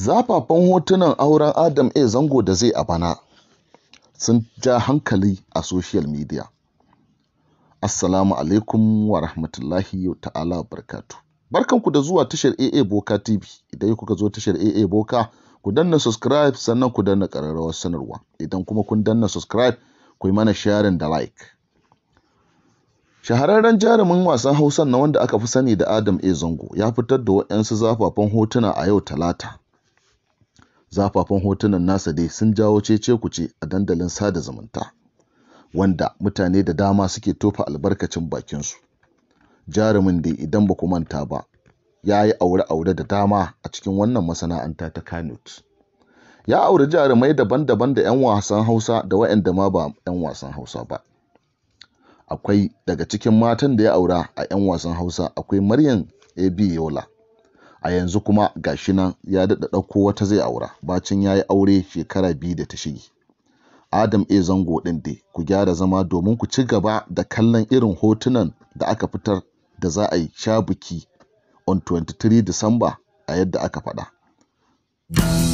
Zafafan hotunan auren Adam A. Zango da zai a bana sun ja hankali a soshiyal midiya. Assalamu alaikum wa rahmatullahi wa ta'ala wa barkatu. Barkanku da zuwa tashar AA Boka TV. Idan kuka zo tashar AA Boka, ku danna subscribe sannan ku danna ƙararrawar sanarwa. Idan kuma kun danna subscribe, ku yi mana sharing da like. Shahararren jarumin wasan Hausan na wanda aka fi sani da Adam A. Zango ya fitar da waɗansu zafafan hotuna a yau Talata. zafafan hotunan nasa dai sun jawo cece-kuce a dandalin sada zumunta wanda mutane da dama suke tofa albarkacin bakinsu jarumin dai idan ba ku manta ba ya yi aure-aure da dama a cikin wannan masana'anta ta kanut ya auri jarumai daban-daban da 'yan wasan hausa da waɗanda ma ba 'yan wasan hausa ba akwai daga cikin matan da ya aura a 'yan wasan hausa akwai maryam ab yola a yanzu kuma ga shi nan ya daɗa ɗauko wata zai aura bacin ya yi aure shekara biyu da ta shige adam e zango ɗin dai ku gyara zama domin ku ci gaba da kallon irin hotunan da aka fitar da za a yi sha biki on 23 disamba a yadda aka faɗa.